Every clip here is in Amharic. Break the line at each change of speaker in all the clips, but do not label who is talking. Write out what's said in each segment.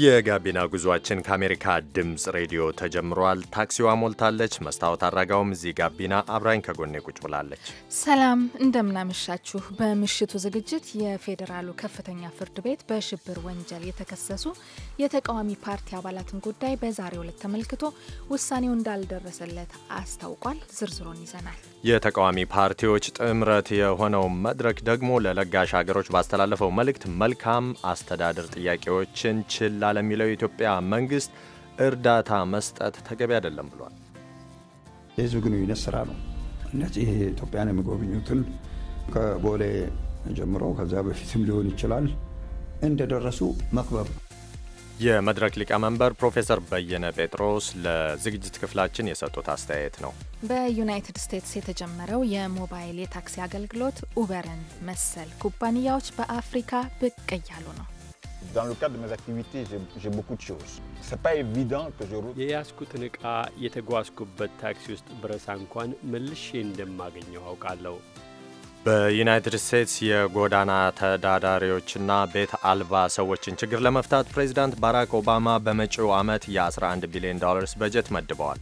የጋቢና ጉዟችን ከአሜሪካ ድምፅ ሬዲዮ ተጀምሯል። ታክሲዋ ሞልታለች። መስታወት አድራጋውም እዚህ ጋቢና አብራኝ ከጎኔ ቁጭ ብላለች።
ሰላም እንደምናመሻችሁ። በምሽቱ ዝግጅት የፌዴራሉ ከፍተኛ ፍርድ ቤት በሽብር ወንጀል የተከሰሱ የተቃዋሚ ፓርቲ አባላትን ጉዳይ በዛሬው ዕለት ተመልክቶ ውሳኔው እንዳልደረሰለት አስታውቋል። ዝርዝሩን ይዘናል።
የተቃዋሚ ፓርቲዎች ጥምረት የሆነው መድረክ ደግሞ ለለጋሽ ሀገሮች ባስተላለፈው መልእክት መልካም አስተዳደር ጥያቄዎችን ችላ ለሚለው የኢትዮጵያ መንግስት እርዳታ መስጠት ተገቢ አይደለም ብሏል።
የህዝብ ግንኙነት ስራ ነው። እነዚህ ኢትዮጵያን የሚጎብኙትን ከቦሌ ጀምሮ ከዚያ በፊትም ሊሆን ይችላል እንደደረሱ መክበብ ነው።
የመድረክ ሊቀመንበር ፕሮፌሰር በየነ ጴጥሮስ ለዝግጅት ክፍላችን የሰጡት አስተያየት ነው።
በዩናይትድ ስቴትስ የተጀመረው የሞባይል የታክሲ አገልግሎት ኡበርን መሰል ኩባንያዎች በአፍሪካ ብቅ
እያሉ ነው።
የያዝኩትን ዕቃ የተጓዝኩበት ታክሲ ውስጥ ብረሳ እንኳን መልሼ እንደማገኘው አውቃለሁ።
በዩናይትድ ስቴትስ የጎዳና ተዳዳሪዎችና ቤት አልባ ሰዎችን ችግር ለመፍታት ፕሬዚዳንት ባራክ ኦባማ በመጪው ዓመት የ11 ቢሊዮን ዶላርስ በጀት
መድበዋል።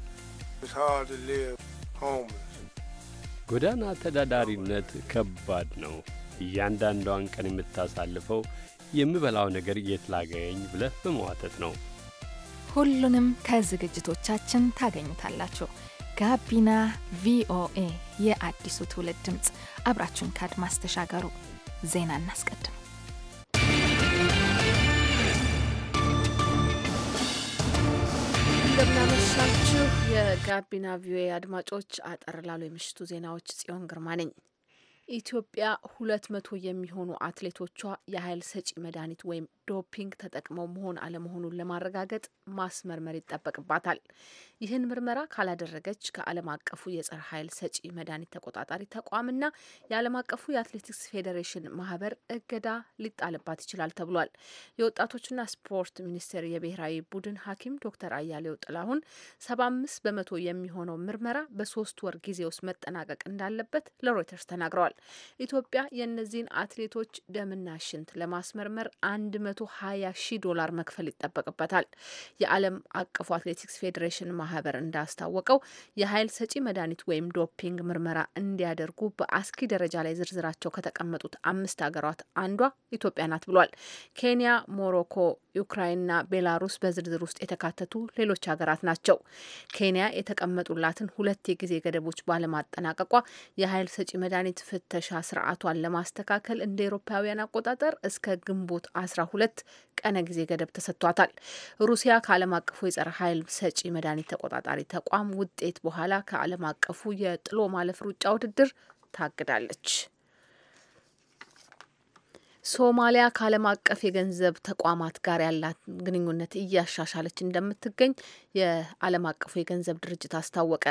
ጎዳና ተዳዳሪነት ከባድ ነው። እያንዳንዷን ቀን የምታሳልፈው የምበላው ነገር የት ላገኝ ብለህ በመዋተት ነው።
ሁሉንም ከዝግጅቶቻችን ታገኙታላችሁ። ጋቢና ቪኦኤ የአዲሱ ትውልድ ድምፅ፣ አብራችሁን ከአድማስ ተሻገሩ። ዜና እናስቀድም።
እንደምናመሻችሁ የጋቢና ቪኦኤ አድማጮች፣ አጠር ላሉ የምሽቱ ዜናዎች ጽዮን ግርማ ነኝ። ኢትዮጵያ ሁለት መቶ የሚሆኑ አትሌቶቿ የኃይል ሰጪ መድኃኒት ወይም ዶፒንግ ተጠቅመው መሆን አለመሆኑን ለማረጋገጥ ማስመርመር ይጠበቅባታል። ይህን ምርመራ ካላደረገች ከዓለም አቀፉ የጸረ ኃይል ሰጪ መድኃኒት ተቆጣጣሪ ተቋምና የዓለም አቀፉ የአትሌቲክስ ፌዴሬሽን ማህበር እገዳ ሊጣልባት ይችላል ተብሏል። የወጣቶችና ስፖርት ሚኒስቴር የብሔራዊ ቡድን ሐኪም ዶክተር አያሌው ጥላሁን ሰባ አምስት በመቶ የሚሆነው ምርመራ በሶስት ወር ጊዜ ውስጥ መጠናቀቅ እንዳለበት ለሮይተርስ ተናግረዋል። ኢትዮጵያ የእነዚህን አትሌቶች ደምና ሽንት ለማስመርመር አንድ መ 120 ሺህ ዶላር መክፈል ይጠበቅበታል። የዓለም አቀፉ አትሌቲክስ ፌዴሬሽን ማህበር እንዳስታወቀው የኃይል ሰጪ መድኃኒት ወይም ዶፒንግ ምርመራ እንዲያደርጉ በአስኪ ደረጃ ላይ ዝርዝራቸው ከተቀመጡት አምስት ሀገራት አንዷ ኢትዮጵያ ናት ብሏል። ኬንያ፣ ሞሮኮ፣ ዩክራይንና ቤላሩስ በዝርዝር ውስጥ የተካተቱ ሌሎች ሀገራት ናቸው። ኬንያ የተቀመጡላትን ሁለት የጊዜ ገደቦች ባለማጠናቀቋ የኃይል ሰጪ መድኃኒት ፍተሻ ስርዓቷን ለማስተካከል እንደ ኤሮፓውያን አቆጣጠር እስከ ግንቦት 12 ሁለት ቀነ ጊዜ ገደብ ተሰጥቷታል። ሩሲያ ከዓለም አቀፉ የጸረ ኃይል ሰጪ መድኃኒት ተቆጣጣሪ ተቋም ውጤት በኋላ ከዓለም አቀፉ የጥሎ ማለፍ ሩጫ ውድድር ታግዳለች። ሶማሊያ ከዓለም አቀፍ የገንዘብ ተቋማት ጋር ያላት ግንኙነት እያሻሻለች እንደምትገኝ የዓለም አቀፉ የገንዘብ ድርጅት አስታወቀ።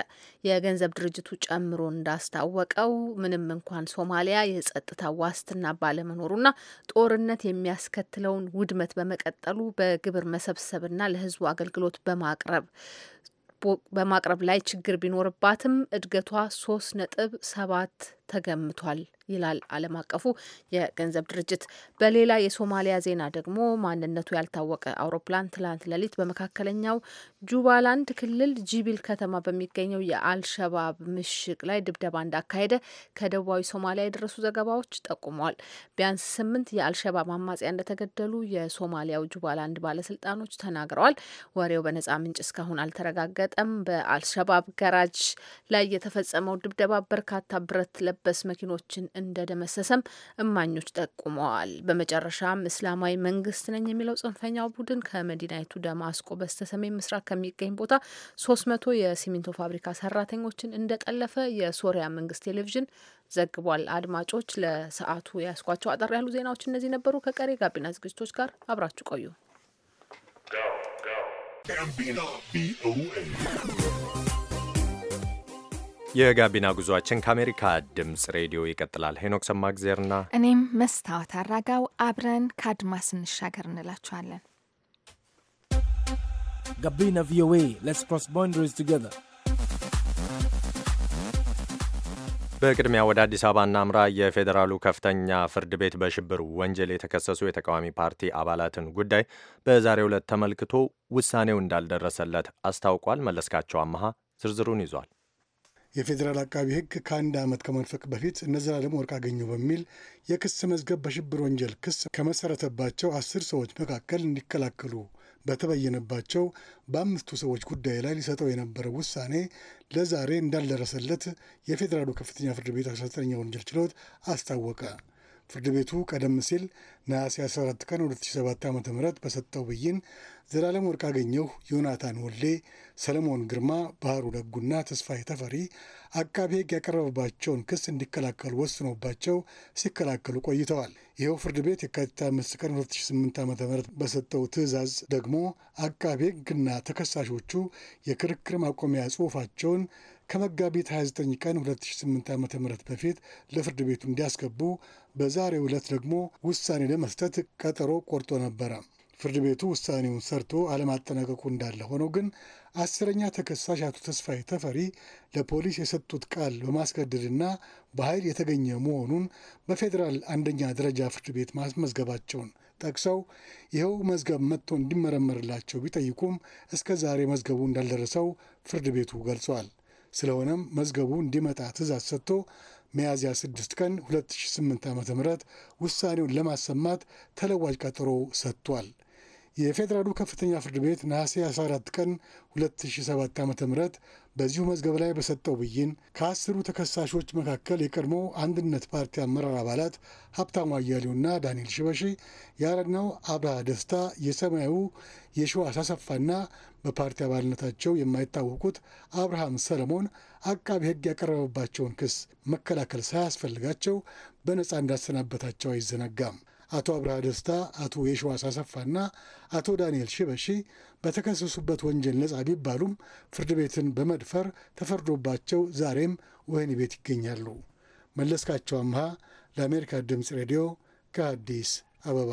የገንዘብ ድርጅቱ ጨምሮ እንዳስታወቀው ምንም እንኳን ሶማሊያ የጸጥታ ዋስትና ባለመኖሩና ጦርነት የሚያስከትለውን ውድመት በመቀጠሉ በግብር መሰብሰብና ለሕዝቡ አገልግሎት በማቅረብ በማቅረብ ላይ ችግር ቢኖርባትም እድገቷ ሶስት ነጥብ ሰባት ተገምቷል ይላል ዓለም አቀፉ የገንዘብ ድርጅት። በሌላ የሶማሊያ ዜና ደግሞ ማንነቱ ያልታወቀ አውሮፕላን ትላንት ሌሊት በመካከለኛው ጁባላንድ ክልል ጂቢል ከተማ በሚገኘው የአልሸባብ ምሽግ ላይ ድብደባ እንዳካሄደ ከደቡባዊ ሶማሊያ የደረሱ ዘገባዎች ጠቁመዋል። ቢያንስ ስምንት የአልሸባብ አማጽያ እንደተገደሉ የሶማሊያው ጁባላንድ ባለስልጣኖች ተናግረዋል። ወሬው በነጻ ምንጭ እስካሁን አልተረጋገጠም። በአልሸባብ ገራጅ ላይ የተፈጸመው ድብደባ በርካታ ብረት የለበስ መኪኖችን እንደደመሰሰም እማኞች ጠቁመዋል። በመጨረሻም እስላማዊ መንግስት ነኝ የሚለው ጽንፈኛው ቡድን ከመዲናይቱ ደማስቆ በስተሰሜን ምስራቅ ከሚገኝ ቦታ ሶስት መቶ የሲሚንቶ ፋብሪካ ሰራተኞችን እንደጠለፈ የሶሪያ መንግስት ቴሌቪዥን ዘግቧል። አድማጮች ለሰዓቱ ያስኳቸው አጠር ያሉ ዜናዎች እነዚህ ነበሩ። ከቀሪ ጋቢና ዝግጅቶች ጋር አብራችሁ ቆዩ።
የጋቢና ጉዟችን ከአሜሪካ ድምፅ ሬዲዮ ይቀጥላል። ሄኖክ ሰማግዜርና
እኔም መስታወት አራጋው አብረን ከአድማስ እንሻገር እንላችኋለን።
ጋቢና ቪኦኤ ሌትስ ክሮስ ቦንደሪስ ቱጌዘር።
በቅድሚያ ወደ አዲስ አበባ እናምራ። የፌዴራሉ ከፍተኛ ፍርድ ቤት በሽብር ወንጀል የተከሰሱ የተቃዋሚ ፓርቲ አባላትን ጉዳይ በዛሬው ዕለት ተመልክቶ ውሳኔው እንዳልደረሰለት አስታውቋል። መለስካቸው አመሃ ዝርዝሩን ይዟል።
የፌዴራል አቃቢ ሕግ ከአንድ ዓመት ከመንፈቅ በፊት እነ ዘላለም ወርቅ አገኘው በሚል የክስ መዝገብ በሽብር ወንጀል ክስ ከመሰረተባቸው አስር ሰዎች መካከል እንዲከላከሉ በተበየነባቸው በአምስቱ ሰዎች ጉዳይ ላይ ሊሰጠው የነበረው ውሳኔ ለዛሬ እንዳልደረሰለት የፌዴራሉ ከፍተኛ ፍርድ ቤት 19ኛ ወንጀል ችሎት አስታወቀ። ፍርድ ቤቱ ቀደም ሲል ነሐሴ 14 ቀን 2007 ዓ ም በሰጠው ብይን ዘላለም ወርቅ አገኘሁ፣ ዮናታን ወሌ፣ ሰለሞን ግርማ፣ ባህሩ ደጉና ተስፋዬ ተፈሪ አቃቤ ሕግ ያቀረበባቸውን ክስ እንዲከላከሉ ወስኖባቸው ሲከላከሉ ቆይተዋል። ይኸው ፍርድ ቤት የካቲት 5 ቀን 2008 ዓ ም በሰጠው ትዕዛዝ ደግሞ አቃቤ ሕግና ተከሳሾቹ የክርክር ማቆሚያ ጽሑፋቸውን ከመጋቢት 29 ቀን 2008 ዓ ም በፊት ለፍርድ ቤቱ እንዲያስገቡ በዛሬ ዕለት ደግሞ ውሳኔ ለመስጠት ቀጠሮ ቆርጦ ነበረ። ፍርድ ቤቱ ውሳኔውን ሰርቶ አለማጠናቀቁ እንዳለ ሆነው ግን አስረኛ ተከሳሽ አቶ ተስፋዬ ተፈሪ ለፖሊስ የሰጡት ቃል በማስገደድና በኃይል የተገኘ መሆኑን በፌዴራል አንደኛ ደረጃ ፍርድ ቤት ማስመዝገባቸውን ጠቅሰው ይኸው መዝገብ መጥቶ እንዲመረመርላቸው ቢጠይቁም እስከ ዛሬ መዝገቡ እንዳልደረሰው ፍርድ ቤቱ ገልጿል። ስለሆነም መዝገቡ እንዲመጣ ትእዛዝ ሰጥቶ ሚያዝያ 6 ቀን 2008 ዓ ም ውሳኔውን ለማሰማት ተለዋጭ ቀጠሮ ሰጥቷል። የፌዴራሉ ከፍተኛ ፍርድ ቤት ነሐሴ 14 ቀን 2007 ዓ ም በዚሁ መዝገብ ላይ በሰጠው ብይን ከአስሩ ተከሳሾች መካከል የቀድሞ አንድነት ፓርቲ አመራር አባላት ሀብታሙ አያሌውና ዳንኤል ሽበሺ፣ የአረናው አብርሃ ደስታ፣ የሰማያዊ የሺዋስ አሰፋና በፓርቲ አባልነታቸው የማይታወቁት አብርሃም ሰለሞን አቃቢ ሕግ ያቀረበባቸውን ክስ መከላከል ሳያስፈልጋቸው በነፃ እንዳሰናበታቸው አይዘነጋም። አቶ አብርሃ ደስታ፣ አቶ የሸዋስ አሰፋና አቶ ዳንኤል ሽበሺ በተከሰሱበት ወንጀል ነጻ ቢባሉም ፍርድ ቤትን በመድፈር ተፈርዶባቸው ዛሬም ወህኒ ቤት ይገኛሉ። መለስካቸው አምሃ ለአሜሪካ ድምፅ ሬዲዮ ከአዲስ አበባ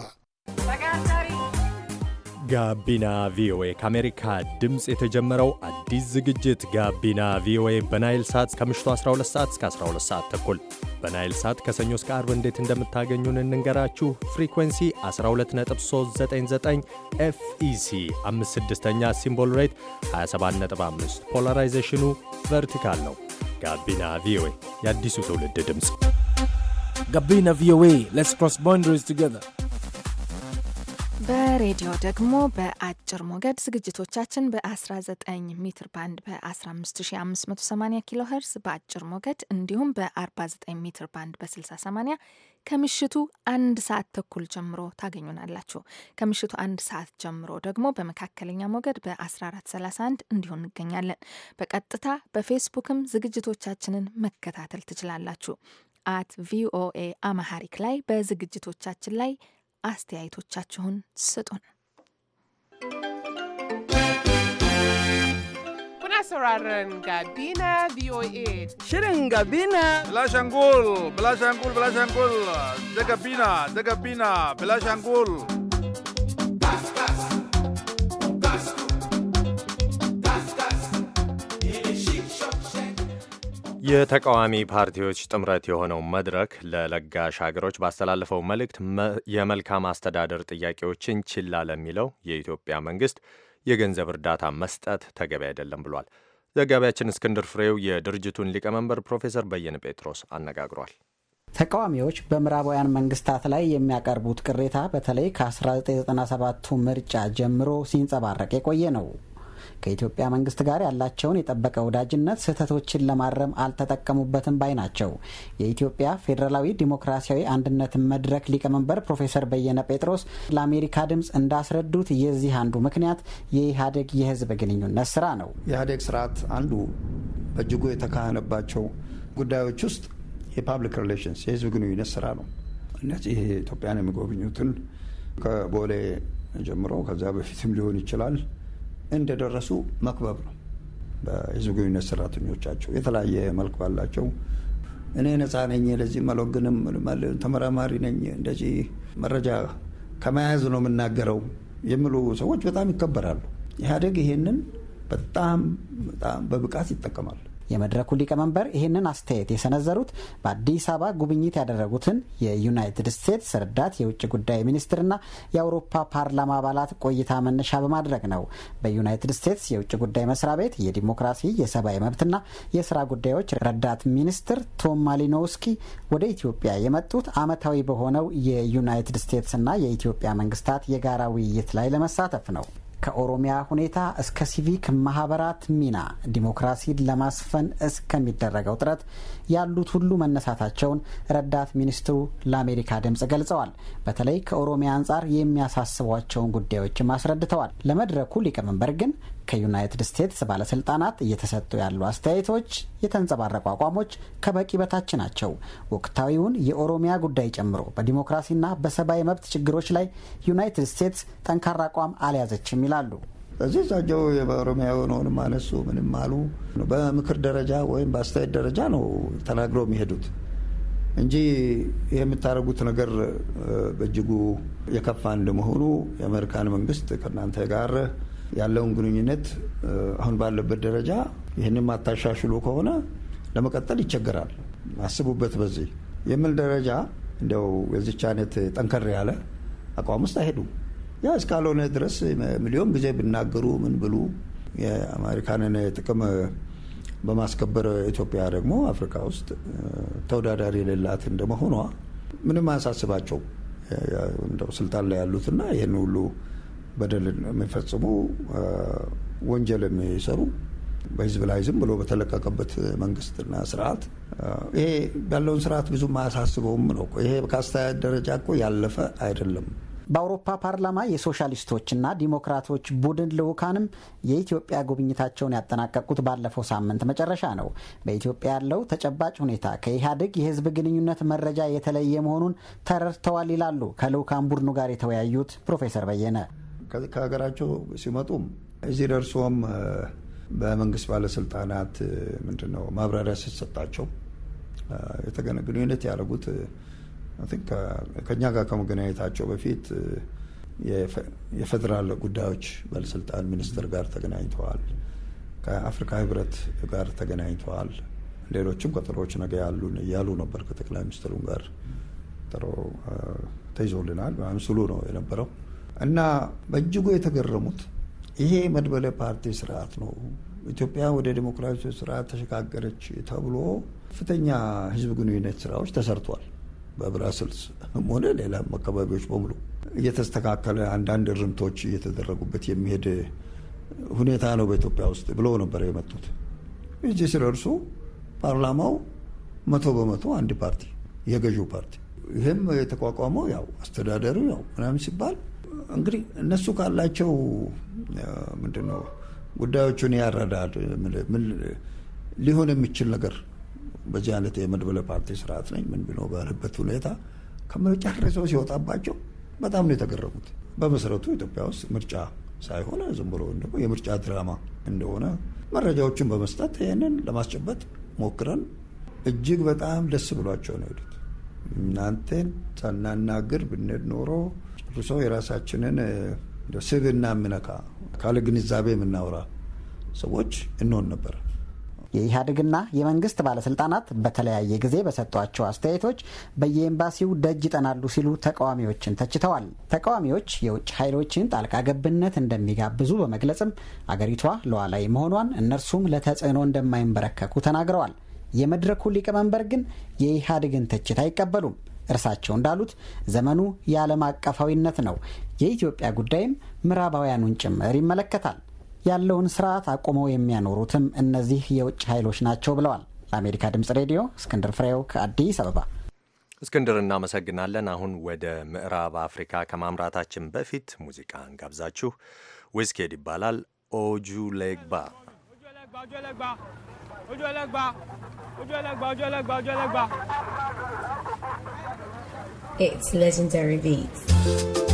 ጋቢና ቪኦኤ ከአሜሪካ ድምፅ የተጀመረው አዲስ ዝግጅት ጋቢና ቪኦኤ በናይል ሳት ከምሽቱ 12 ሰዓት እስከ 12 ሰዓት ተኩል በናይል ሳት ከሰኞ እስከ አርብ እንዴት እንደምታገኙን እንንገራችሁ። ፍሪኩንሲ 12399 ኤፍኢሲ 56ኛ ሲምቦል ሬት 275 ፖላራይዜሽኑ ቨርቲካል ነው። ጋቢና ቪኦኤ የአዲሱ
ትውልድ ድምፅ። ጋቢና ቪኦኤ ስ ክሮስ ባውንደሪስ
በሬዲዮ ደግሞ በአጭር ሞገድ ዝግጅቶቻችን በ19 ሜትር ባንድ በ15580 ኪሎ ኸርስ በአጭር ሞገድ እንዲሁም በ49 ሜትር ባንድ በ6080 ከምሽቱ አንድ ሰዓት ተኩል ጀምሮ ታገኙናላችሁ። ከምሽቱ አንድ ሰዓት ጀምሮ ደግሞ በመካከለኛ ሞገድ በ1431 እንዲሁ እንገኛለን። በቀጥታ በፌስቡክም ዝግጅቶቻችንን መከታተል ትችላላችሁ። አት ቪኦኤ አማሐሪክ ላይ በዝግጅቶቻችን ላይ አስተያየቶቻችሁን ስጡን።
sauraron Gabina VOA.
Shirin Gabina.
Bilashangul, Bilashangul, Bilashangul. Da Gabina, da Gabina, Bilashangul.
የተቃዋሚ ፓርቲዎች ጥምረት የሆነው መድረክ ለለጋሽ ሀገሮች ባስተላለፈው መልእክት የመልካም አስተዳደር ጥያቄዎችን ችላ ለሚለው የኢትዮጵያ መንግስት የገንዘብ እርዳታ መስጠት ተገቢ አይደለም ብሏል። ዘጋቢያችን እስክንድር ፍሬው የድርጅቱን ሊቀመንበር ፕሮፌሰር በየነ ጴጥሮስ አነጋግሯል።
ተቃዋሚዎች በምዕራባውያን መንግስታት ላይ የሚያቀርቡት ቅሬታ በተለይ ከ1997ቱ ምርጫ ጀምሮ ሲንጸባረቅ የቆየ ነው። ከኢትዮጵያ መንግስት ጋር ያላቸውን የጠበቀ ወዳጅነት ስህተቶችን ለማረም አልተጠቀሙበትም ባይ ናቸው። የኢትዮጵያ ፌዴራላዊ ዲሞክራሲያዊ አንድነት መድረክ ሊቀመንበር ፕሮፌሰር በየነ ጴጥሮስ ለአሜሪካ ድምፅ እንዳስረዱት የዚህ አንዱ ምክንያት የኢህአዴግ የህዝብ ግንኙነት ስራ ነው።
ኢህአዴግ ስርዓት አንዱ በእጅጉ የተካሄነባቸው ጉዳዮች ውስጥ የፓብሊክ ሪሌሽንስ የህዝብ ግንኙነት ስራ ነው። እነዚህ ኢትዮጵያን የሚጎብኙትን ከቦሌ ጀምሮ ከዚያ በፊትም ሊሆን ይችላል እንደደረሱ መክበብ ነው። በህዝብ ግንኙነት ሰራተኞቻቸው የተለያየ መልክ ባላቸው እኔ ነፃ ነኝ፣ ለዚህ መሎግንም ተመራማሪ ነኝ፣ እንደዚህ መረጃ ከመያዝ ነው የምናገረው የሚሉ ሰዎች በጣም ይከበራሉ። ኢህአዴግ ይሄንን በጣም በጣም በብቃት ይጠቀማል። የመድረኩ ሊቀመንበር ይህንን አስተያየት የሰነዘሩት
በአዲስ አበባ ጉብኝት ያደረጉትን የዩናይትድ ስቴትስ ረዳት የውጭ ጉዳይ ሚኒስትርና የአውሮፓ ፓርላማ አባላት ቆይታ መነሻ በማድረግ ነው። በዩናይትድ ስቴትስ የውጭ ጉዳይ መስሪያ ቤት የዲሞክራሲ የሰብአዊ መብትና የስራ ጉዳዮች ረዳት ሚኒስትር ቶም ማሊኖውስኪ ወደ ኢትዮጵያ የመጡት ዓመታዊ በሆነው የዩናይትድ ስቴትስና የኢትዮጵያ መንግስታት የጋራ ውይይት ላይ ለመሳተፍ ነው። ከኦሮሚያ ሁኔታ እስከ ሲቪክ ማህበራት ሚና ዲሞክራሲን ለማስፈን እስከሚደረገው ጥረት ያሉት ሁሉ መነሳታቸውን ረዳት ሚኒስትሩ ለአሜሪካ ድምፅ ገልጸዋል። በተለይ ከኦሮሚያ አንጻር የሚያሳስቧቸውን ጉዳዮችም አስረድተዋል። ለመድረኩ ሊቀመንበር ግን ከዩናይትድ ስቴትስ ባለስልጣናት እየተሰጡ ያሉ አስተያየቶች፣ የተንጸባረቁ አቋሞች ከበቂ በታች ናቸው። ወቅታዊውን የኦሮሚያ ጉዳይ ጨምሮ በዲሞክራሲና በሰብአዊ መብት ችግሮች ላይ
ዩናይትድ ስቴትስ ጠንካራ አቋም አልያዘችም ይላሉ። እዚህ እሳቸው በኦሮሚያ የሆነውንም አነሱ ምንም አሉ። በምክር ደረጃ ወይም በአስተያየት ደረጃ ነው ተናግረው የሚሄዱት እንጂ ይህ የምታደርጉት ነገር በእጅጉ የከፋ እንደመሆኑ የአሜሪካን መንግስት ከእናንተ ጋር ያለውን ግንኙነት አሁን ባለበት ደረጃ ይህንም አታሻሽሉ ከሆነ ለመቀጠል ይቸገራል። አስቡበት በዚህ የምል ደረጃ እንደው የዚች አይነት ጠንከር ያለ አቋም ውስጥ አይሄዱ። ያ እስካልሆነ ድረስ ሚሊዮን ጊዜ ብናገሩ ምን ብሉ የአሜሪካንን ጥቅም በማስከበር ኢትዮጵያ ደግሞ አፍሪካ ውስጥ ተወዳዳሪ የሌላት እንደመሆኗ ምንም አያሳስባቸው እንደው ስልጣን ላይ ያሉትና ይህን ሁሉ በደል የሚፈጽሙ ወንጀል የሚሰሩ በህዝብ ላይ ዝም ብሎ በተለቀቀበት መንግስትና ስርዓት ይሄ ያለውን ስርዓት ብዙ አያሳስበውም ነው። ይሄ ከአስተያየት ደረጃ እኮ ያለፈ አይደለም።
በአውሮፓ ፓርላማ የሶሻሊስቶችና ዲሞክራቶች ቡድን ልዑካንም የኢትዮጵያ ጉብኝታቸውን ያጠናቀቁት ባለፈው ሳምንት መጨረሻ ነው። በኢትዮጵያ ያለው ተጨባጭ ሁኔታ ከኢህአዴግ የህዝብ ግንኙነት መረጃ የተለየ መሆኑን ተረድተዋል ይላሉ ከልዑካን ቡድኑ ጋር
የተወያዩት ፕሮፌሰር በየነ ከሀገራቸው ሲመጡም እዚህ ደርሶም በመንግስት ባለስልጣናት ምንድነው ማብራሪያ ሲሰጣቸው የተገነ ግንኙነት ያደረጉት ከእኛ ጋር ከመገናኘታቸው በፊት የፌዴራል ጉዳዮች ባለስልጣን ሚኒስትር ጋር ተገናኝተዋል። ከአፍሪካ ህብረት ጋር ተገናኝተዋል። ሌሎችም ቀጠሮዎች ነገ ያሉ እያሉ ነበር። ከጠቅላይ ሚኒስትሩን ጋር ጥሮ ተይዞልናል ምስሉ ነው የነበረው። እና በእጅጉ የተገረሙት ይሄ መድበለ ፓርቲ ስርዓት ነው፣ ኢትዮጵያ ወደ ዴሞክራሲ ስርዓት ተሸጋገረች ተብሎ ከፍተኛ ህዝብ ግንኙነት ስራዎች ተሰርቷል። በብራስልስ ሆነ ሌላም አካባቢዎች በሙሉ እየተስተካከለ አንዳንድ እርምቶች እየተደረጉበት የሚሄድ ሁኔታ ነው በኢትዮጵያ ውስጥ ብሎ ነበር የመጡት። እዚህ እርሱ ፓርላማው መቶ በመቶ አንድ ፓርቲ የገዢው ፓርቲ ይህም የተቋቋመው ያው አስተዳደሩ ያው ምናምን ሲባል እንግዲህ እነሱ ካላቸው ምንድን ነው ጉዳዮቹን ያረዳል ምን ሊሆን የሚችል ነገር በዚህ አይነት የመድበለ ፓርቲ ስርዓት ነኝ ምን ብሎ ባለበት ሁኔታ ከምርጫ ሰው ሲወጣባቸው በጣም ነው የተገረሙት። በመሰረቱ ኢትዮጵያ ውስጥ ምርጫ ሳይሆን ዝም ብሎ ደግሞ የምርጫ ድራማ እንደሆነ መረጃዎችን በመስጠት ይህንን ለማስጨበጥ ሞክረን እጅግ በጣም ደስ ብሏቸው ነው ሄዱት። እናንተን ሳናናግር ብንሄድ ኖሮ ብዙ ሰው የራሳችንን ስብዕና የምነካ ካለ ግንዛቤ የምናወራ ሰዎች እንሆን ነበር። የኢህአዴግና የመንግስት ባለስልጣናት በተለያየ ጊዜ
በሰጧቸው አስተያየቶች በየኤምባሲው ደጅ ይጠናሉ ሲሉ ተቃዋሚዎችን ተችተዋል። ተቃዋሚዎች የውጭ ኃይሎችን ጣልቃ ገብነት እንደሚጋብዙ በመግለጽም አገሪቷ ሉዓላዊ መሆኗን እነርሱም ለተጽዕኖ እንደማይንበረከኩ ተናግረዋል። የመድረኩ ሊቀመንበር ግን የኢህአዴግን ትችት አይቀበሉም። እርሳቸው እንዳሉት ዘመኑ የዓለም አቀፋዊነት ነው። የኢትዮጵያ ጉዳይም ምዕራባውያኑን ጭምር ይመለከታል። ያለውን ስርዓት አቁመው የሚያኖሩትም እነዚህ የውጭ ኃይሎች ናቸው ብለዋል። ለአሜሪካ ድምጽ ሬዲዮ እስክንድር ፍሬው ከአዲስ አበባ።
እስክንድር እናመሰግናለን። አሁን ወደ ምዕራብ አፍሪካ ከማምራታችን በፊት ሙዚቃ እንጋብዛችሁ። ዊስኬድ ይባላል ሌግባ
It's legendary beats.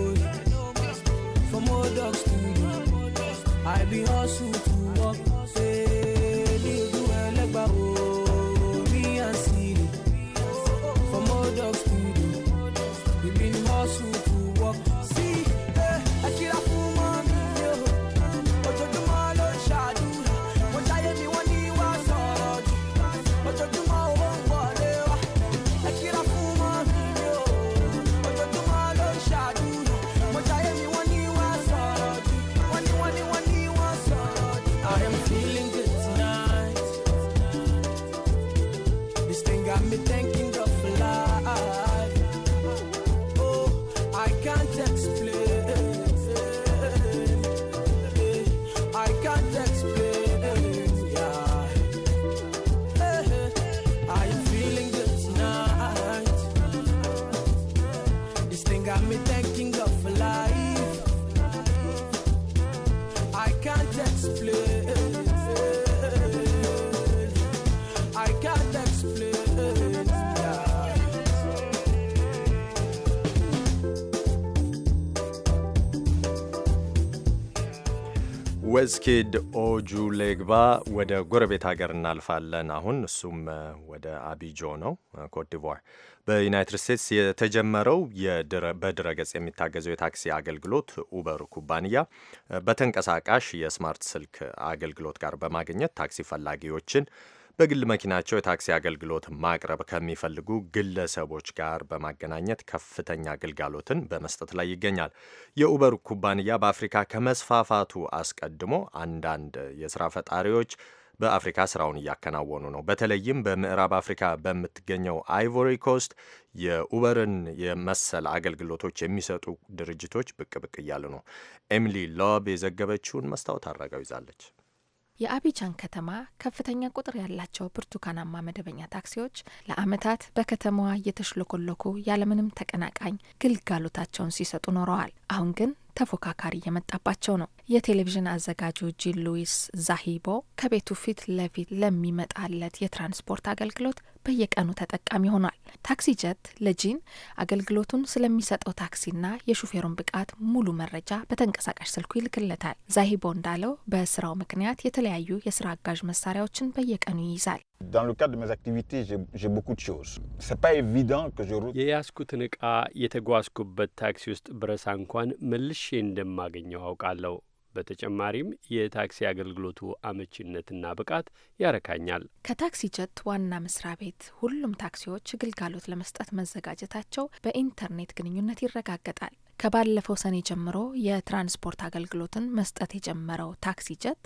food for more dogs to use. I be hustle too.
ወዝኪድ ሌግባ ወደ ጎረቤት ሀገር እናልፋለን። አሁን እሱም ወደ አቢጆ ነው፣ ኮትዲቯር። በዩናይትድ ስቴትስ የተጀመረው በድረገጽ የሚታገዘው የታክሲ አገልግሎት ኡበር ኩባንያ በተንቀሳቃሽ የስማርት ስልክ አገልግሎት ጋር በማግኘት ታክሲ ፈላጊዎችን በግል መኪናቸው የታክሲ አገልግሎት ማቅረብ ከሚፈልጉ ግለሰቦች ጋር በማገናኘት ከፍተኛ አገልጋሎትን በመስጠት ላይ ይገኛል። የኡበር ኩባንያ በአፍሪካ ከመስፋፋቱ አስቀድሞ አንዳንድ የስራ ፈጣሪዎች በአፍሪካ ስራውን እያከናወኑ ነው። በተለይም በምዕራብ አፍሪካ በምትገኘው አይቮሪ ኮስት የኡበርን የመሰል አገልግሎቶች የሚሰጡ ድርጅቶች ብቅ ብቅ እያሉ ነው። ኤሚሊ ሎብ የዘገበችውን መስታወት አድረገው ይዛለች።
የአቢጃን ከተማ ከፍተኛ ቁጥር ያላቸው ብርቱካናማ መደበኛ ታክሲዎች ለአመታት በከተማዋ እየተሽለኮለኩ ያለምንም ተቀናቃኝ ግልጋሎታቸውን ሲሰጡ ኖረዋል። አሁን ግን ተፎካካሪ እየመጣባቸው ነው። የቴሌቪዥን አዘጋጁ ጂን ሉዊስ ዛሂቦ ከቤቱ ፊት ለፊት ለሚመጣለት የትራንስፖርት አገልግሎት በየቀኑ ተጠቃሚ ሆኗል። ታክሲ ጀት ለጂን አገልግሎቱን ስለሚሰጠው ታክሲና የሹፌሩን ብቃት ሙሉ መረጃ በተንቀሳቃሽ ስልኩ ይልክለታል። ዛሂቦ እንዳለው በስራው ምክንያት የተለያዩ የስራ አጋዥ መሳሪያዎችን በየቀኑ
ይይዛል። Dans le cadre de mes activités, j'ai beaucoup de choses. C'est pas évident que je route. የያዝኩትን
ዕቃ የተጓዝኩበት ታክሲ ውስጥ ብረሳ እንኳን መልሼ እንደማገኘው አውቃለሁ። በተጨማሪም የታክሲ አገልግሎቱ አመቺነትና ብቃት ያረካኛል።
ከታክሲ ጀት ዋና መስሪያ ቤት ሁሉም ታክሲዎች ግልጋሎት ለመስጠት መዘጋጀታቸው በኢንተርኔት ግንኙነት ይረጋገጣል። ከባለፈው ሰኔ ጀምሮ የትራንስፖርት አገልግሎትን መስጠት የጀመረው ታክሲ ጀት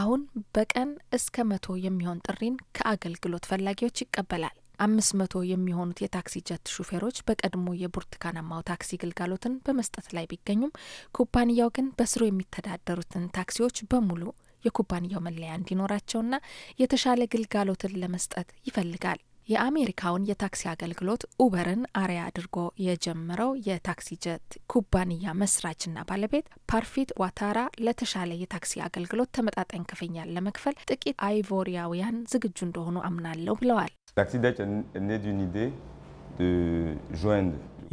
አሁን በቀን እስከ መቶ የሚሆን ጥሪን ከአገልግሎት ፈላጊዎች ይቀበላል። አምስት መቶ የሚሆኑት የታክሲ ጀት ሹፌሮች በቀድሞ የብርቱካናማው ታክሲ ግልጋሎትን በመስጠት ላይ ቢገኙም ኩባንያው ግን በስሩ የሚተዳደሩትን ታክሲዎች በሙሉ የኩባንያው መለያ እንዲኖራቸውና የተሻለ ግልጋሎትን ለመስጠት ይፈልጋል። የአሜሪካውን የታክሲ አገልግሎት ኡበርን አሪያ አድርጎ የጀመረው የታክሲ ጀት ኩባንያ መስራችና ባለቤት ፓርፊት ዋታራ ለተሻለ የታክሲ አገልግሎት ተመጣጣኝ ክፍያን ለመክፈል ጥቂት አይቮሪያውያን ዝግጁ እንደሆኑ አምናለሁ ብለዋል።
ታክሲ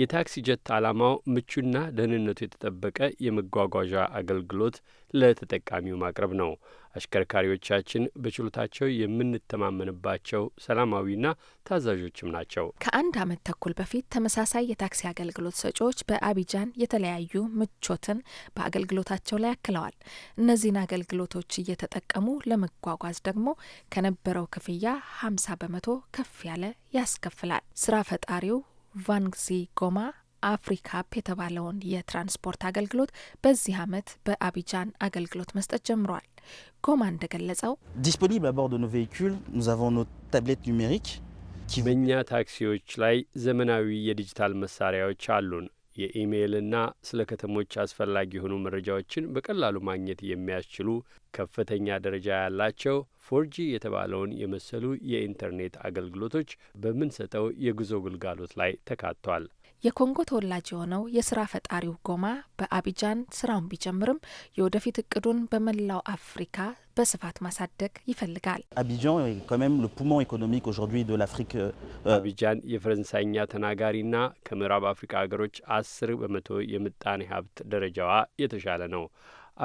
የታክሲ ጀት ዓላማው ምቹና ደህንነቱ የተጠበቀ የመጓጓዣ አገልግሎት ለተጠቃሚው ማቅረብ ነው። አሽከርካሪዎቻችን በችሎታቸው የምንተማመንባቸው ሰላማዊና ታዛዦችም ናቸው።
ከአንድ ዓመት ተኩል በፊት ተመሳሳይ የታክሲ አገልግሎት ሰጪዎች በአቢጃን የተለያዩ ምቾትን በአገልግሎታቸው ላይ አክለዋል። እነዚህን አገልግሎቶች እየተጠቀሙ ለመጓጓዝ ደግሞ ከነበረው ክፍያ 50 በመቶ ከፍ ያለ ያስከፍላል። ስራ ፈጣሪው ቫንግዚ ጎማ አፍሪካፕ የተባለውን የትራንስፖርት አገልግሎት በዚህ ዓመት በአቢጃን አገልግሎት መስጠት ጀምሯል። ጎማ እንደገለጸው
ዲስፖኒብል አቦርድ ኖ ቬሂኩል ኑዝ አቮን ኖ ታብሌት ኑሜሪክ በእኛ ታክሲዎች ላይ ዘመናዊ የዲጂታል መሳሪያዎች አሉን። የኢሜይልና ስለ ከተሞች አስፈላጊ የሆኑ መረጃዎችን በቀላሉ ማግኘት የሚያስችሉ ከፍተኛ ደረጃ ያላቸው ፎርጂ የተባለውን የመሰሉ የኢንተርኔት አገልግሎቶች በምንሰጠው የጉዞ ግልጋሎት ላይ ተካቷል።
የኮንጎ ተወላጅ የሆነው የስራ ፈጣሪው ጎማ በአቢጃን ስራውን ቢጀምርም የወደፊት እቅዱን በመላው አፍሪካ በስፋት ማሳደግ ይፈልጋል።
euh, euh, አቢጃን የፈረንሳይኛ ተናጋሪና ከምዕራብ አፍሪካ ሀገሮች አስር በመቶ የምጣኔ ሀብት ደረጃዋ የተሻለ ነው።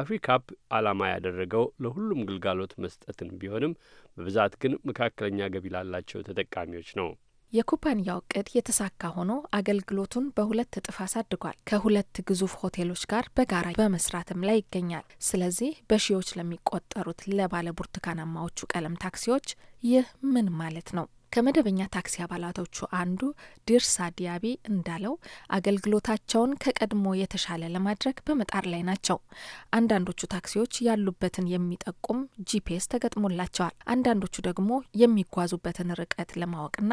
አፍሪካፕ ዓላማ ያደረገው ለሁሉም ግልጋሎት መስጠትን ቢሆንም በብዛት ግን መካከለኛ ገቢ ላላቸው ተጠቃሚዎች ነው።
የኩባንያው እቅድ የተሳካ ሆኖ አገልግሎቱን በሁለት እጥፍ አሳድጓል። ከሁለት ግዙፍ ሆቴሎች ጋር በጋራ በመስራትም ላይ ይገኛል። ስለዚህ በሺዎች ለሚቆጠሩት ለባለ ብርቱካናማዎቹ ቀለም ታክሲዎች ይህ ምን ማለት ነው? ከመደበኛ ታክሲ አባላቶቹ አንዱ ዲርሳ ዲያቢ እንዳለው አገልግሎታቸውን ከቀድሞ የተሻለ ለማድረግ በመጣር ላይ ናቸው። አንዳንዶቹ ታክሲዎች ያሉበትን የሚጠቁም ጂፒኤስ ተገጥሞላቸዋል። አንዳንዶቹ ደግሞ የሚጓዙበትን ርቀት ለማወቅና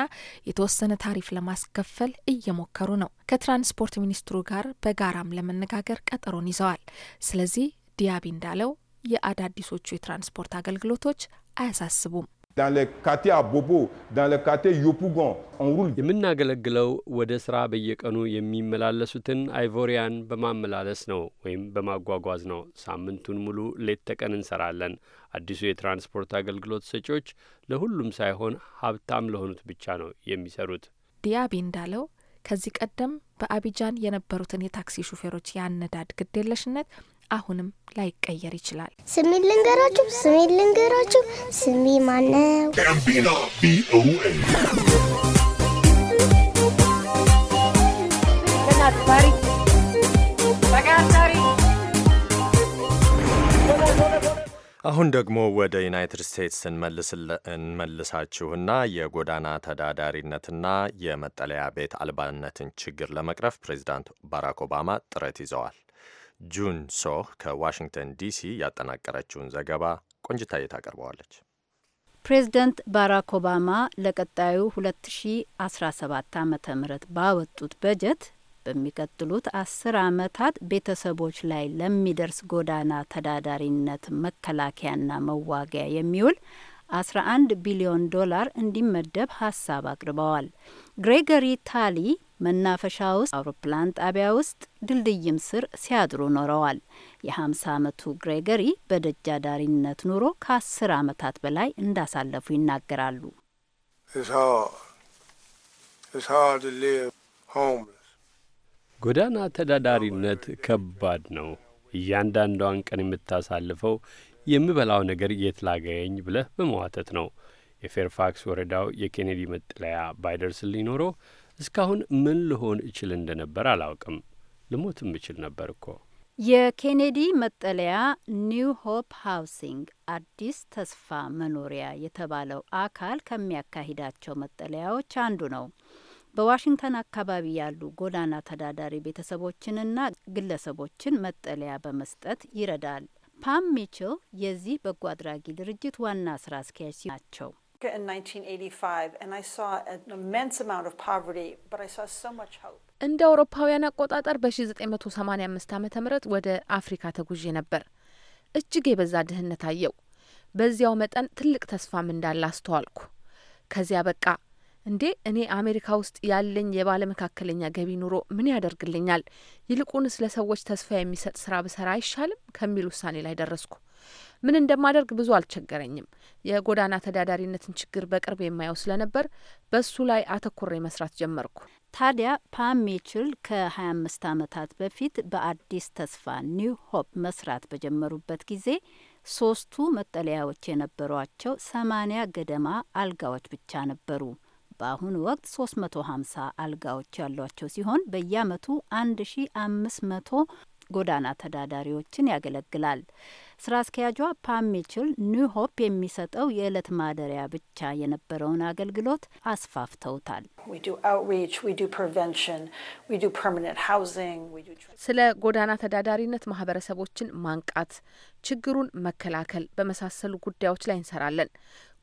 የተወሰነ ታሪፍ ለማስከፈል እየሞከሩ ነው። ከትራንስፖርት ሚኒስትሩ ጋር በጋራም ለመነጋገር ቀጠሮን ይዘዋል። ስለዚህ ዲያቢ እንዳለው የአዳዲሶቹ የትራንስፖርት አገልግሎቶች አያሳስቡም።
dans les
quartiers à Bobo, dans les quartiers Yopougon, on roule. የምናገለግለው ወደ ስራ በየቀኑ የሚመላለሱትን አይቮሪያን በማመላለስ ነው ወይም በማጓጓዝ ነው። ሳምንቱን ሙሉ ሌት ተቀን እንሰራለን። አዲሱ የትራንስፖርት አገልግሎት ሰጪዎች ለሁሉም ሳይሆን ሀብታም ለሆኑት ብቻ ነው የሚሰሩት።
ዲያቢ እንዳለው ከዚህ ቀደም በአቢጃን የነበሩትን የታክሲ ሹፌሮች የአነዳድ ግዴለሽነት አሁንም ላይቀየር ይችላል።
ስሜ ልንገራችሁ፣ ስሜ ልንገራችሁ፣ ስሜ ማነው?
አሁን ደግሞ ወደ ዩናይትድ ስቴትስ እንመልሳችሁና የጎዳና ተዳዳሪነትና የመጠለያ ቤት አልባነትን ችግር ለመቅረፍ ፕሬዚዳንት ባራክ ኦባማ ጥረት ይዘዋል። ጁን ሶህ ከዋሽንግተን ዲሲ ያጠናቀረችውን ዘገባ ቆንጅታዬ ታቀርበዋለች።
ፕሬዚደንት ባራክ ኦባማ ለቀጣዩ 2017 ዓ ም ባወጡት በጀት በሚቀጥሉት አስር ዓመታት ቤተሰቦች ላይ ለሚደርስ ጎዳና ተዳዳሪነት መከላከያና መዋጊያ የሚውል 11 ቢሊዮን ዶላር እንዲመደብ ሀሳብ አቅርበዋል። ግሬገሪ ታሊ መናፈሻ ውስጥ፣ አውሮፕላን ጣቢያ ውስጥ፣ ድልድይም ስር ሲያድሩ ኖረዋል። የ50 ዓመቱ ግሬገሪ በደጃ ዳሪነት ኑሮ ከአስር ዓመታት በላይ እንዳሳለፉ ይናገራሉ።
ጎዳና ተዳዳሪነት ከባድ ነው። እያንዳንዷን ቀን የምታሳልፈው የምበላው ነገር የት ላገኝ ብለህ በመዋተት ነው። የፌርፋክስ ወረዳው የኬኔዲ መጠለያ ባይደርስልኝ ኖሮ እስካሁን ምን ልሆን እችል እንደነበር አላውቅም። ልሞትም እችል ነበር እኮ።
የኬኔዲ መጠለያ ኒው ሆፕ ሃውሲንግ አዲስ ተስፋ መኖሪያ የተባለው አካል ከሚያካሂዳቸው መጠለያዎች አንዱ ነው። በዋሽንግተን አካባቢ ያሉ ጎዳና ተዳዳሪ ቤተሰቦችንና ግለሰቦችን መጠለያ በመስጠት ይረዳል። ፓም ሚችል የዚህ በጎ አድራጊ ድርጅት ዋና ስራ አስኪያጅ ናቸው። in 1985 and I saw an immense amount of poverty, but I saw so much hope.
እንደ አውሮፓውያን አቆጣጠር በ1985 ዓ ም ወደ አፍሪካ ተጉዤ ነበር። እጅግ የበዛ ድህነት አየው። በዚያው መጠን ትልቅ ተስፋም እንዳለ አስተዋልኩ። ከዚያ በቃ እንዴ እኔ አሜሪካ ውስጥ ያለኝ የባለመካከለኛ ገቢ ኑሮ ምን ያደርግልኛል? ይልቁንስ ለሰዎች ተስፋ የሚሰጥ ስራ ብሰራ አይሻልም? ከሚል ውሳኔ ላይ ደረስኩ። ምን እንደማደርግ ብዙ አልቸገረኝም። የጎዳና ተዳዳሪነትን ችግር
በቅርብ የማየው ስለነበር በሱ ላይ አተኩሬ መስራት ጀመርኩ። ታዲያ ፓም ሚችል ከ25 ዓመታት በፊት በአዲስ ተስፋ ኒው ሆፕ መስራት በጀመሩበት ጊዜ ሶስቱ መጠለያዎች የነበሯቸው ሰማኒያ ገደማ አልጋዎች ብቻ ነበሩ። በአሁኑ ወቅት 350 አልጋዎች ያሏቸው ሲሆን በየአመቱ 1500 ጎዳና ተዳዳሪዎችን ያገለግላል። ስራ አስኪያጇ ፓም ሚችል ኒው ሆፕ የሚሰጠው የዕለት ማደሪያ ብቻ የነበረውን አገልግሎት አስፋፍተውታል።
ስለ ጎዳና ተዳዳሪነት ማህበረሰቦችን ማንቃት፣ ችግሩን መከላከል በመሳሰሉ ጉዳዮች ላይ እንሰራለን።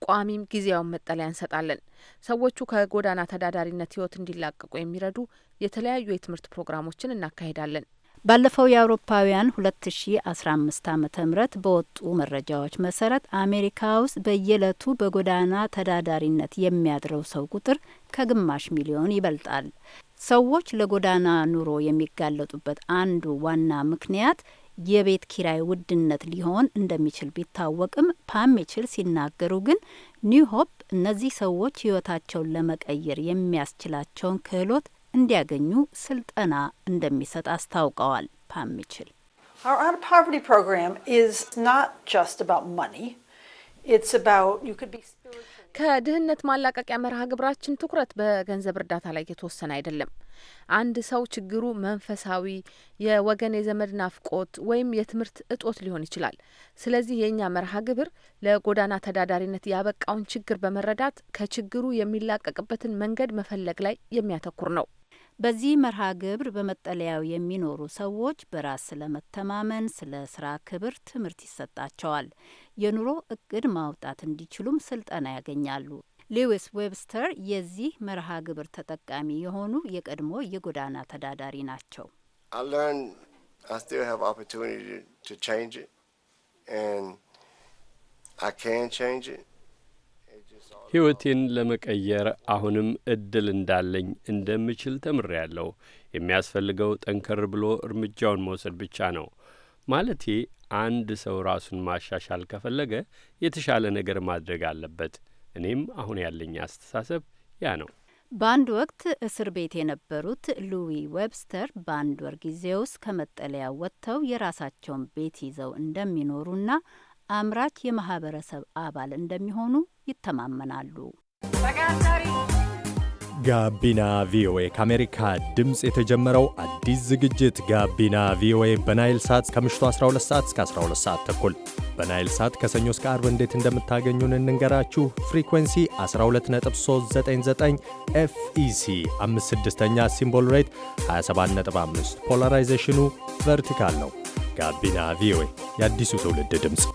ቋሚም ጊዜያውን መጠለያ እንሰጣለን። ሰዎቹ ከጎዳና ተዳዳሪነት ህይወት እንዲላቀቁ የሚረዱ የተለያዩ
የትምህርት ፕሮግራሞችን እናካሂዳለን። ባለፈው የአውሮፓውያን 2015 ዓ ም በወጡ መረጃዎች መሰረት አሜሪካ ውስጥ በየዕለቱ በጎዳና ተዳዳሪነት የሚያድረው ሰው ቁጥር ከግማሽ ሚሊዮን ይበልጣል። ሰዎች ለጎዳና ኑሮ የሚጋለጡበት አንዱ ዋና ምክንያት የቤት ኪራይ ውድነት ሊሆን እንደሚችል ቢታወቅም ፓም ሚችል ሲናገሩ ግን ኒውሆፕ እነዚህ ሰዎች ህይወታቸውን ለመቀየር የሚያስችላቸውን ክህሎት እንዲያገኙ ስልጠና እንደሚሰጥ አስታውቀዋል። ፓም ሚችል ከድህነት
ማላቀቂያ መርሃ ግብራችን ትኩረት በገንዘብ እርዳታ ላይ የተወሰነ አይደለም። አንድ ሰው ችግሩ መንፈሳዊ፣ የወገን የዘመድ ናፍቆት ወይም የትምህርት እጦት ሊሆን ይችላል። ስለዚህ የእኛ መርሃ ግብር ለጎዳና ተዳዳሪነት ያበቃውን ችግር በመረዳት
ከችግሩ የሚላቀቅበትን መንገድ መፈለግ ላይ የሚያተኩር ነው። በዚህ መርሃ ግብር በመጠለያው የሚኖሩ ሰዎች በራስ ስለመተማመን፣ ስለ ስራ ክብር ትምህርት ይሰጣቸዋል። የኑሮ እቅድ ማውጣት እንዲችሉም ስልጠና ያገኛሉ። ሌዊስ ዌብስተር የዚህ መርሃ ግብር ተጠቃሚ የሆኑ የቀድሞ የጎዳና ተዳዳሪ ናቸው።
I can change it.
ሕይወቴን ለመቀየር አሁንም እድል እንዳለኝ እንደምችል ተምሬያለሁ። የሚያስፈልገው ጠንከር ብሎ እርምጃውን መውሰድ ብቻ ነው። ማለቴ አንድ ሰው ራሱን ማሻሻል ከፈለገ የተሻለ ነገር ማድረግ አለበት። እኔም አሁን ያለኝ አስተሳሰብ ያ ነው።
በአንድ ወቅት እስር ቤት የነበሩት ሉዊ ዌብስተር በአንድ ወር ጊዜ ውስጥ ከመጠለያ ወጥተው የራሳቸውን ቤት ይዘው እንደሚኖሩና አምራች የማህበረሰብ አባል እንደሚሆኑ ይተማመናሉ።
ጋቢና ቪኦኤ ከአሜሪካ ድምፅ የተጀመረው አዲስ ዝግጅት ጋቢና ቪኦኤ በናይል ሳት ከምሽቱ 12 ሰዓት እስከ 12 ሰዓት ተኩል በናይል ሳት ከሰኞ እስከ አርብ እንዴት እንደምታገኙን እንንገራችሁ። ፍሪኩንሲ 12399 ኤፍኢሲ 56ኛ ሲምቦል ሬት 275 ፖላራይዜሽኑ ቨርቲካል ነው። ጋቢና ቪኦኤ የአዲሱ
ትውልድ ድምፅ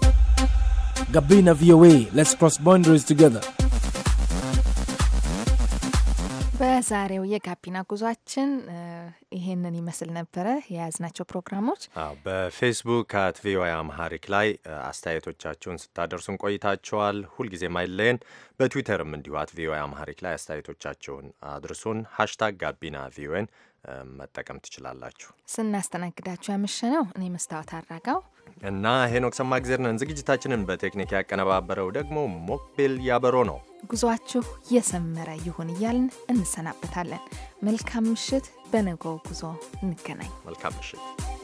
Gabina VOA Let's cross boundaries together።
በዛሬው የጋቢና ጉዟችን ይሄንን ይመስል ነበረ የያዝናቸው ፕሮግራሞች።
በፌስቡክ አት ቪኦኤ አምሃሪክ ላይ አስተያየቶቻችሁን ስታደርሱን ቆይታችኋል። ሁልጊዜ ማይለየን። በትዊተርም እንዲሁ አት ቪኦኤ አምሃሪክ ላይ አስተያየቶቻችሁን አድርሱን። ሀሽታግ ጋቢና ቪኦኤን መጠቀም ትችላላችሁ።
ስናስተናግዳችሁ ያመሸነው እኔ መስታወት አራጋው
እና ሄኖክ ሰማ ጊዜር ነን። ዝግጅታችንን በቴክኒክ ያቀነባበረው ደግሞ ሞክቤል ያበሮ ነው።
ጉዟችሁ የሰመረ ይሁን እያልን እንሰናበታለን። መልካም ምሽት። በነገው ጉዞ እንገናኝ። መልካም ምሽት።